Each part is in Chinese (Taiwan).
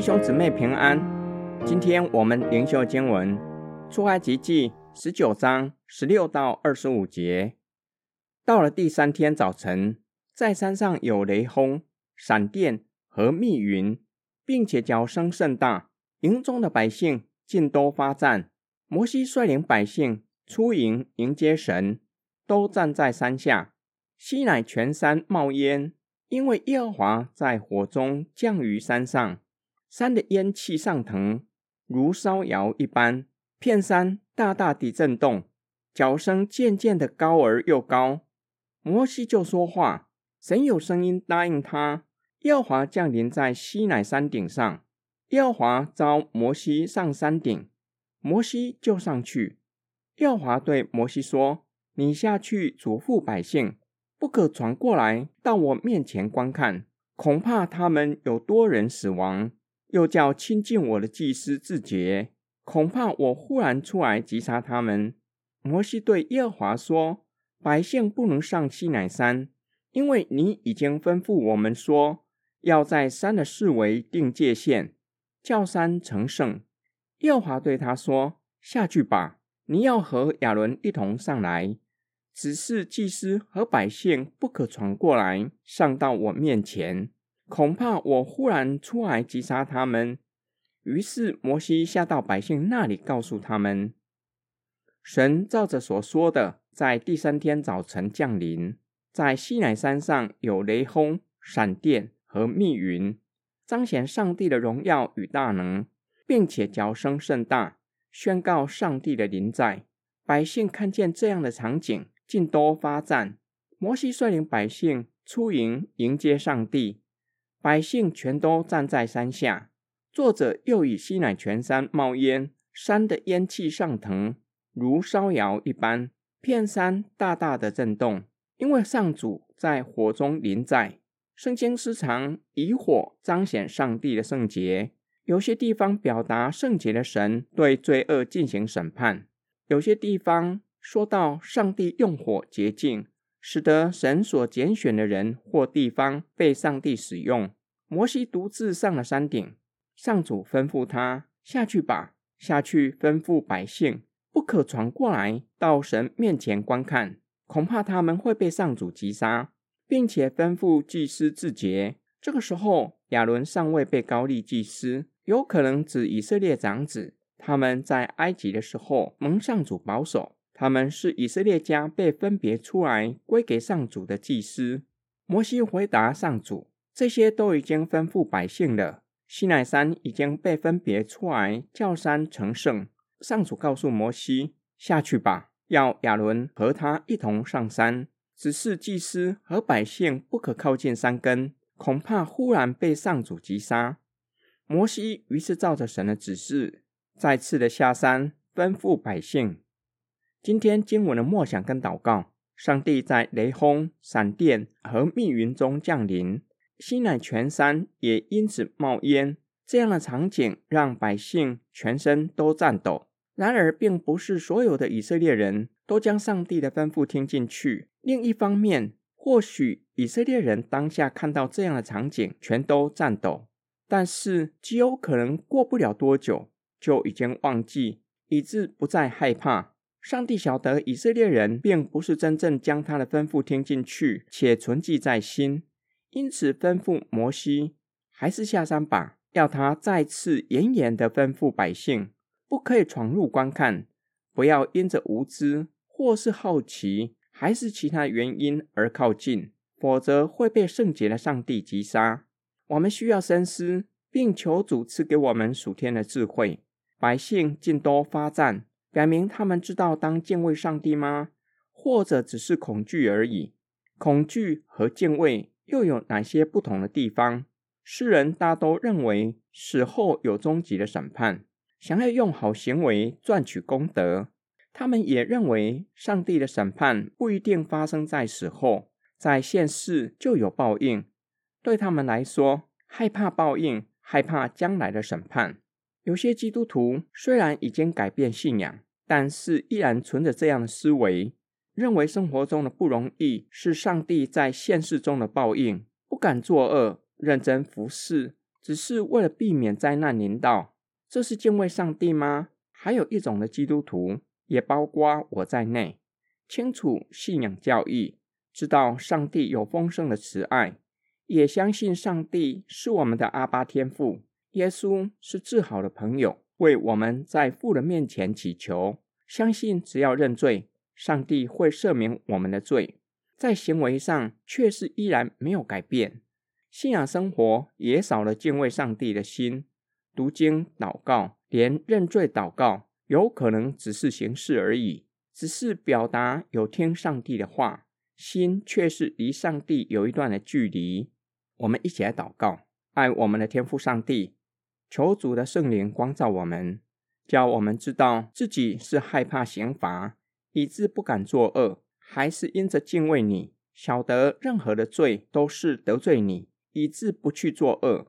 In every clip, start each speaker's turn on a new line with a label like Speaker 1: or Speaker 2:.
Speaker 1: 弟兄姊妹平安，今天我們靈修經文《出埃及記》十九章十六到二十五節。到了第三天早晨，在山上有雷轟、閃電和密雲，並且角聲甚大，營中的百姓盡都發顫。摩西率領百姓出營迎接神，都站在山下。西奈全山冒煙，因為耶和華在火中降於山上。山的煙氣上騰，如燒窯一般，遍山大大地震動，角聲漸漸的高而又高。摩西就說話，神有聲音答應他。耶和華降臨在西奈山頂上，耶和華召摩西上山頂，摩西就上去。耶和華對摩西說：“你下去囑咐百姓，不可闖過來到我面前觀看，恐怕他們有多人死亡。”又叫親近我的祭司自潔，恐怕我忽然出來擊殺他們。摩西對耶和華說：“百姓不能上西奈山，因為你已經吩咐我們說，要在山的四圍定界限，叫山成聖。”耶和華對他說：“下去吧，你要和亞倫一同上來，只是祭司和百姓不可闖過來上到我面前。”恐怕我忽然出來擊殺他們。於是摩西下到百姓那裡，告訴他們：神照着所說的，在第三天早晨降臨，在西南山上有雷轟、閃電和密雲，彰顯上帝的榮耀與大能，並且角聲甚大，宣告上帝的臨在。百姓看見這樣的場景，盡都發顫。摩西率領百姓出營迎，迎接上帝。百姓全都站在山下，作者又以西奈全山冒煙，山的煙氣上騰，如燒窯一般，遍山大大的震動，因為上主在火中臨在，聖經時常，以火彰顯上帝的聖潔。有些地方表達聖潔的神對罪惡進行審判，有些地方說到上帝用火潔淨。使得神所揀選的人或地方被上帝使用。摩西獨自上了山頂，上主吩咐他下去吧，下去吩咐百姓，不可闖過來到神面前觀看，恐怕他們會被上主擊殺，並且吩咐祭司自潔。這個時候，亞倫尚未被膏立祭司，有可能指以色列長子，他們在埃及的時候蒙上主保守。他們是以色列家被分別出來歸給上主的祭司。摩西回答上主：“這些都已經吩咐百姓了。西奈山已經被分別出來，叫山成聖。”上主告訴摩西：“下去吧，要亞倫和他一同上山。只是祭司和百姓不可靠近山根，恐怕忽然被上主擊殺。”摩西於是照着神的指示，再次的下山，吩咐百姓。今天經文的默想跟禱告：上帝在雷轟、閃電和密雲中降臨，西奈全山也因此冒煙。這樣的場景讓百姓全身都顫抖。然而，並不是所有的以色列人都將上帝的吩咐聽進去。另一方面，或許以色列人當下看到這樣的場景，全都顫抖；但是，極有可能過不了多久就已經忘記，以致不再害怕。上帝曉得以色列人並不是真正將他的吩咐聽進去，且存記在心，因此吩咐摩西還是下山吧，要他再次嚴嚴的吩咐百姓，不可以闖入觀看，不要因着無知或是好奇，還是其他原因而靠近，否則會被聖潔的上帝擊殺。我們需要深思，並求主賜給我們屬天的智慧。百姓盡都發顫。表明他們知道當敬畏上帝嗎？或者只是恐懼而已？恐懼和敬畏又有哪些不同的地方？世人大都認為死後有終極的審判，想要用好行為賺取功德。他們也認為上帝的審判不一定發生在死後，在現世就有報應。對他們來說，害怕報應，害怕將來的審判。有些基督徒雖然已經改變信仰，但是依然存着這樣的思維，認為生活中的不容易是上帝在現世中的報應，不敢作惡，認真服事，只是為了避免災難臨到。這是敬畏上帝嗎？還有一種的基督徒，也包括我在內，清楚信仰教義，知道上帝有豐盛的慈愛，也相信上帝是我們的阿爸天父。耶穌是至好的朋友，為我們在父的面前祈求。相信只要認罪，上帝會赦免我們的罪。在行為上卻是依然沒有改變，信仰生活也少了敬畏上帝的心。讀經禱告，連認罪禱告，有可能只是形式而已，只是表達有聽上帝的話，心卻是離上帝有一段的距離。我們一起來禱告，愛我們的天父上帝。求主的聖靈光照我們，叫我們知道自己是害怕刑罰，以致不敢作惡，還是因着敬畏你，曉得任何的罪都是得罪你，以致不去作惡，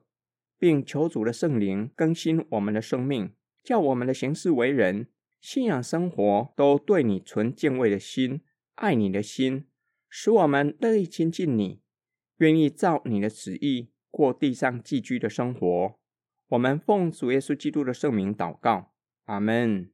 Speaker 1: 並求主的聖靈更新我們的生命，叫我們的行事為人、信仰生活都對你存敬畏的心、愛你的心，使我們樂意親近你，願意照你的旨意過地上寄居的生活。我們奉主耶穌基督的聖名禱告，阿門。